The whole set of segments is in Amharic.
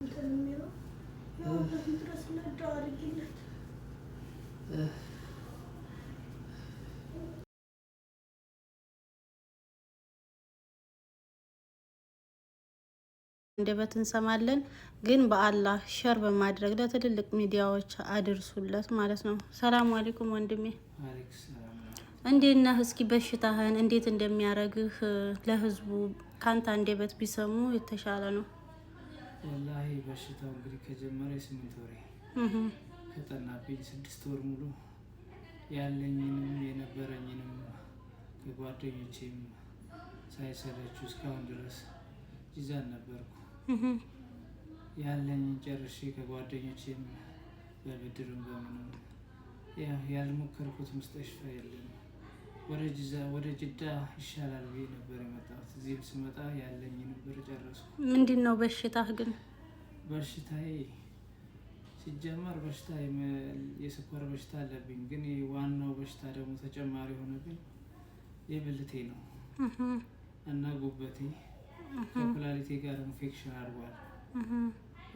አንደበት እንሰማለን ግን በአላህ ሸር በማድረግ ለትልልቅ ሚዲያዎች አድርሱለት ማለት ነው። ሰላም አለይኩም ወንድሜ፣ እንዴት ነህ? እስኪ በሽታህን እንዴት እንደሚያረግህ ለህዝቡ ካንተ አንደበት ቢሰሙ የተሻለ ነው። ወላሂ በሽታው እንግዲህ ከጀመረ የስምንት ወሬ ከጠናብኝ ስድስት ወር ሙሉ ያለኝንም የነበረኝንም የጓደኞቼም ሳይሰለች እስካሁን ድረስ ይዛን ነበርኩ። ያለኝን ጨርሼ ከጓደኞቼም በብድርም በምንም ያልሞከርኩት መስጠሽፋ የለም። ወደ ጅዳ ይሻላል ብዬ ነበር የመጣሁት። እዚህም ስመጣ ያለኝ ነበር ጨረስኩ። ምንድን ነው በሽታህ ግን? በሽታዬ ሲጀመር በሽታ የስኳር በሽታ አለብኝ፣ ግን ዋናው በሽታ ደግሞ ተጨማሪ የሆነብኝ የብልቴ ነው እና ጉበቴ ከኩላሊቴ ጋር ኢንፌክሽን አድርጓል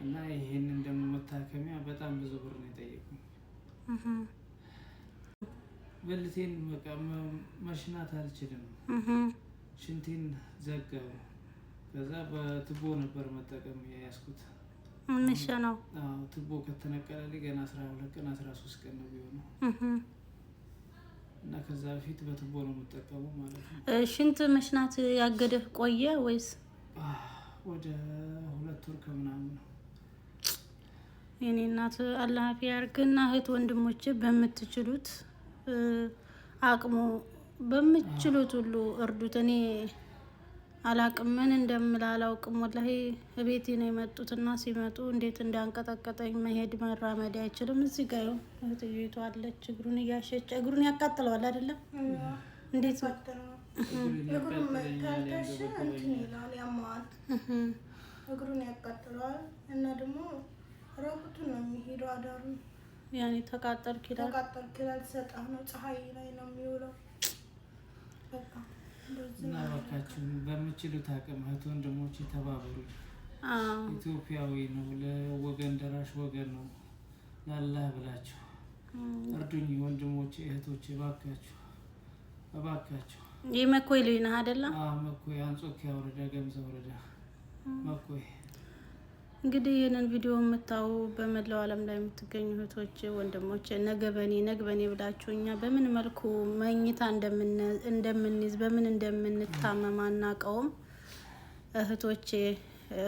እና ይሄንን ደግሞ መታከሚያ በጣም ብዙ ብር ነው የጠየቁኝ በልቴን በቃ መሽናት አልችልም። ሽንቴን ዘጋው። ከዛ በቱቦ ነበር መጠቀም የያዝኩት። ምንሽ ነው ትቦ ከተነቀለ ገና አስራ ሁለት ቀን አስራ ሶስት ቀን ነው ቢሆነው እና ከዛ በፊት በትቦ ነው የምጠቀሙ ማለት ነው። ሽንት መሽናት ያገደህ ቆየ ወይስ? ወደ ሁለት ወር ከምናምን ነው። የኔ እናት አላፊ ያርግና እህት ወንድሞች በምትችሉት አቅሙ በምችሉት ሁሉ እርዱት። እኔ አላቅም ምን እንደምል አላውቅም። ወላሂ እቤቴ ነው የመጡትና ሲመጡ እንዴት እንዳንቀጠቀጠኝ መሄድ መራመድ አይችልም። እዚህ ጋ ይኸው እህትዬቱ አለች፣ እግሩን እያሸች እግሩን ያቃጥለዋል አይደለም? እንዴት እግሩን ያቃጥለዋል እና ደግሞ ረቡቱን ነው የሚሄደው አዳሩን ያኔ ተቃጠልክ ይላል። ተቃጠልክ ይላል። ሰጣህ ነው ፀሐይ ላይ ነው የሚውለው። እና እባካችሁ በምችሉት አቅም እህት ወንድሞች ተባበሩ። ኢትዮጵያዊ ነው፣ ለወገን ደራሽ ወገን ነው። ላላህ ብላችሁ እርዱኝ ወንድሞች እህቶቼ፣ እባካችሁ እባካችሁ። ይህ መኮይ ልጅ ነህ አይደለም? መኮይ አንጾኪያ ወረዳ፣ ገምዛ ወረዳ መኮይ እንግዲህ ይህንን ቪዲዮ የምታዩ በመላው ዓለም ላይ የምትገኙ እህቶች ወንድሞች፣ ነገ በኔ ነገ በኔ ብላችሁ እኛ በምን መልኩ መኝታ እንደምንይዝ በምን እንደምንታመም አናውቀውም። እህቶቼ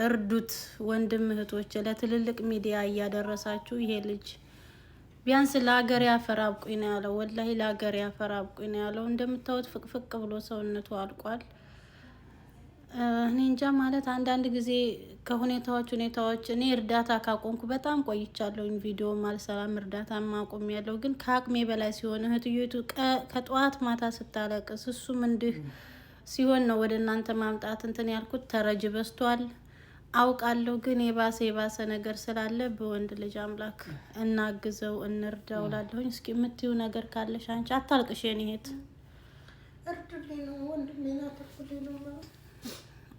እርዱት፣ ወንድም እህቶች ለትልልቅ ሚዲያ እያደረሳችሁ ይሄ ልጅ ቢያንስ ለሀገር ያፈር አብቁኝ ነው ያለው። ወላሂ ለሀገር ያፈር አብቁኝ ነው ያለው። እንደምታዩት ፍቅፍቅ ብሎ ሰውነቱ አልቋል። እኔ እንጃ ማለት አንዳንድ ጊዜ ከሁኔታዎች ሁኔታዎች እኔ እርዳታ ካቆምኩ በጣም ቆይቻለሁኝ። ቪዲዮ አልሰራም፣ እርዳታ ማቆም ያለው ግን ከአቅሜ በላይ ሲሆን እህትዮቱ ከጠዋት ማታ ስታለቅስ እሱም እንዲህ ሲሆን ነው ወደ እናንተ ማምጣት እንትን ያልኩት። ተረጅ በስቷል አውቃለሁ፣ ግን የባሰ የባሰ ነገር ስላለ በወንድ ልጅ አምላክ እናግዘው እንርዳው ላለሁኝ። እስኪ የምትዩ ነገር ካለሽ አንቺ አታልቅሽ የኔ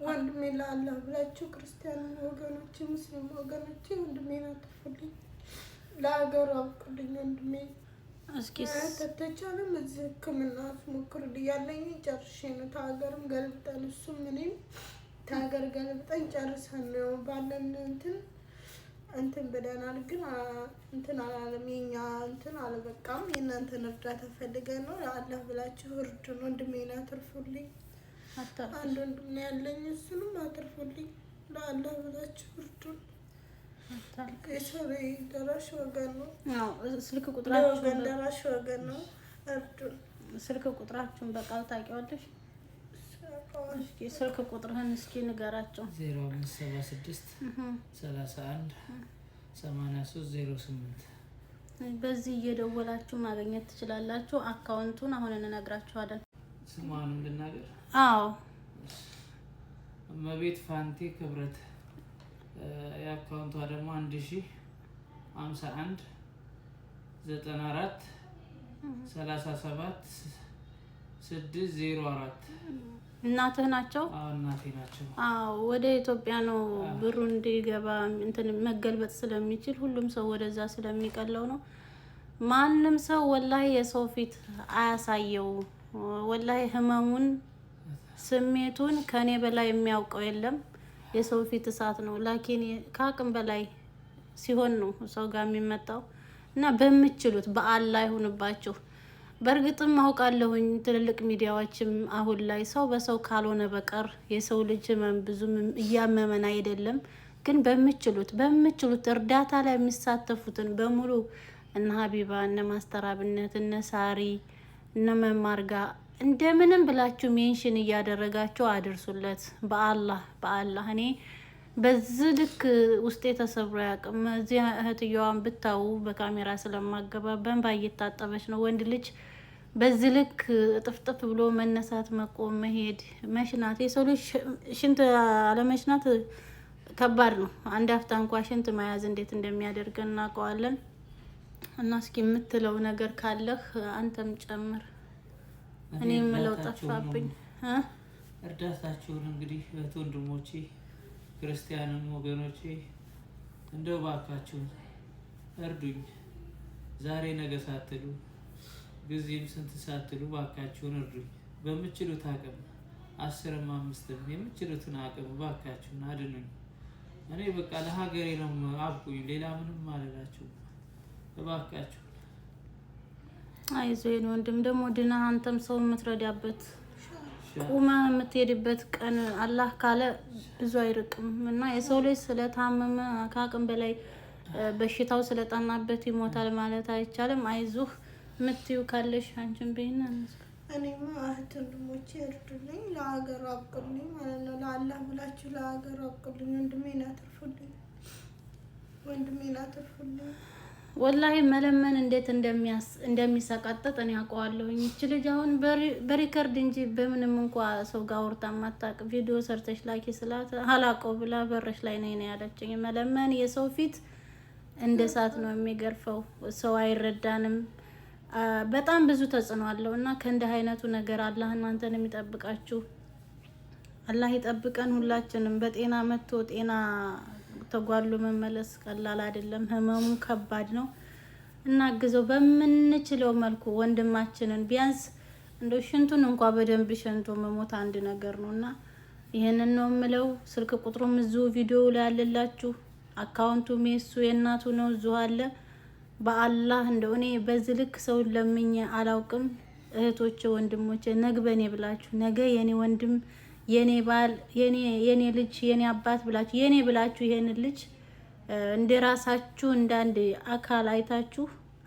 ወንድሜ ለአላህ ብላችሁ ክርስቲያን ወገኖቼ፣ ሙስሊም ወገኖቼ ወንድሜን አትፉልኝ፣ ለሀገሩ አብቁልኝ ወንድሜ። ተቻለም እዚህ ሕክምና አስሞክርልኝ ያለኝ ጨርሼ ነው። ተሀገርም ገልብጠን እሱም እኔም ተሀገር ገልብጠን ጨርሰን ነው ባለን እንትን እንትን ብለናል፣ ግን እንትን አላለም። የኛ እንትን አልበቃም። የእናንተን እርዳታ ፈልገን ነው። ለአላህ ብላችሁ እርዱን ወንድሜን አትርፉልኝ። አንድ ወንድም ያለኝ። እሱንም አትርፉልኝ ለአላህ ብላችሁ እርዱን። የሰው ደራሽ ወገን ነው፣ ስልክ ቁጥራችሁን ደራሽ ወገን ነው፣ እርዱን። ስልክ ቁጥራችሁን በቃል ታውቂዋለሽ? ስልክ ቁጥርህን እስኪ ንገራቸው። ዜሮ አምስት ሰባ ስድስት ሰላሳ አንድ ሰማንያ ሶስት ዜሮ ስምንት በዚህ እየደወላችሁ ማግኘት ትችላላችሁ። አካውንቱን አሁን እንነግራችኋለን። ስሟንም ልናገር። አዎ እመቤት ፋንቴ ክብረት። የአካውንቷ ደግሞ አንድ ሺህ ሀምሳ አንድ ዘጠና አራት ሰላሳ ሰባት ስድስት ዜሮ አራት እናትህ ናቸው? እናቴ ናቸው። አዎ ወደ ኢትዮጵያ ነው ብሩ እንዲገባ እንትን መገልበጥ ስለሚችል ሁሉም ሰው ወደዛ ስለሚቀለው ነው። ማንም ሰው ወላሂ የሰው ፊት አያሳየው። ወላሂ ህመሙን ስሜቱን ከኔ በላይ የሚያውቀው የለም። የሰው ፊት እሳት ነው። ላኪን ከአቅም በላይ ሲሆን ነው ሰው ጋር የሚመጣው እና በምችሉት በአላህ ይሁንባችሁ። በእርግጥም አውቃለሁኝ ትልልቅ ሚዲያዎችም አሁን ላይ ሰው በሰው ካልሆነ በቀር የሰው ልጅ ህመም ብዙም እያመመን አይደለም። ግን በምችሉት በምችሉት እርዳታ ላይ የሚሳተፉትን በሙሉ እነ ሀቢባ እነ ማስተራብነት እነ ሳሪ እነ መማር እንደምንም ብላችሁ ሜንሽን እያደረጋችሁ አድርሱለት። በአላህ በአላህ እኔ በዚህ ልክ ውስጤ ተሰብሮ ያቅም። እዚህ እህትየዋን ብታዩ በካሜራ ስለማገባ በንባ እየታጠበች ነው። ወንድ ልጅ በዚህ ልክ ጥፍጥፍ ብሎ መነሳት፣ መቆም፣ መሄድ፣ መሽናት የሰው ልጅ ሽንት አለመሽናት ከባድ ነው። አንድ አፍታ እንኳ ሽንት መያዝ እንዴት እንደሚያደርግ እናውቀዋለን። እና እስኪ የምትለው ነገር ካለህ አንተም ጨምር። እኔ የምለው ጠፋብኝ። እርዳታችሁን እንግዲህ እህት ወንድሞቼ፣ ክርስቲያንም ወገኖቼ እንደው እባካችሁን እርዱኝ። ዛሬ ነገ ሳትሉ ጊዜም ስንት ሳትሉ እባካችሁን እርዱኝ። በምችሉት አቅም አስርም አምስትም የምችሉትን አቅም እባካችሁን አድኑኝ። እኔ በቃ ለሀገሬ ነው አብቁኝ። ሌላ ምንም አልላችሁም። እባካችሁ። አይዞህ ወንድም ደግሞ ድና አንተም ሰው የምትረዳበት ቁመ የምትሄድበት ቀን አላህ ካለ ብዙ አይርቅም እና የሰው ልጅ ስለታመመ ከአቅም በላይ በሽታው ስለጠናበት ይሞታል ማለት አይቻልም። አይዞህ የምትዩ ካለሽ አንቺን ብይና እኔማ እህት ወንድሞቼ እርዱልኝ፣ ለሀገር አብቅልኝ ማለት ነው። ለአላህ ብላችሁ ለሀገር አብቅልኝ፣ ወንድሜን አትርፉልኝ፣ ወንድሜን አትርፉልኝ። ወላሂ መለመን እንዴት እንደሚሰቀጥጥ እኔ አውቀዋለሁ። ይች ልጅ አሁን በሪከርድ እንጂ በምንም እንኳ ሰው ጋር አውርታ ማታቅ ቪዲዮ ሰርተሽ ላኪ ስላት አላውቀው ብላ በረሽ ላይ ነኝ ነው ያለችኝ። መለመን የሰው ፊት እንደ እሳት ነው የሚገርፈው። ሰው አይረዳንም። በጣም ብዙ ተጽዕኖ አለው እና ከእንዲህ አይነቱ ነገር አላህ እናንተን የሚጠብቃችሁ አላህ ይጠብቀን ሁላችንም በጤና መጥቶ ጤና ተጓሎ መመለስ ቀላል አይደለም። ህመሙ ከባድ ነው። እናግዘው በምንችለው መልኩ ወንድማችንን ቢያንስ እንደ ሽንቱን እንኳ በደንብ ሸንቶ መሞት አንድ ነገር ነው እና ይህንን ነው የምለው። ስልክ ቁጥሩም እዚሁ ቪዲዮ ላይ አለላችሁ አካውንቱ ሜሱ የእናቱ ነው እዚሁ አለ። በአላህ እንደው እኔ በዚህ ልክ ሰውን ለምኜ አላውቅም። እህቶቼ ወንድሞቼ ነግበኔ ብላችሁ ነገ የኔ ወንድም የኔ ባል የኔ ልጅ የኔ አባት ብላችሁ የኔ ብላችሁ ይሄንን ልጅ እንደ ራሳችሁ እንደ አንድ አካል አይታችሁ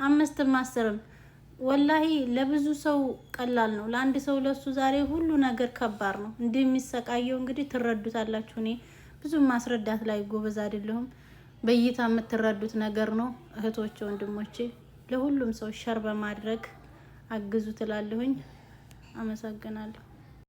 አምስትም አስርም ወላሂ ለብዙ ሰው ቀላል ነው፣ ለአንድ ሰው ለሱ ዛሬ ሁሉ ነገር ከባድ ነው። እንዲህ የሚሰቃየው እንግዲህ ትረዱታላችሁ። እኔ ብዙ ማስረዳት ላይ ጎበዝ አይደለሁም። በእይታ የምትረዱት ነገር ነው። እህቶቼ ወንድሞቼ፣ ለሁሉም ሰው ሸር በማድረግ አግዙ ትላለሁኝ። አመሰግናለሁ።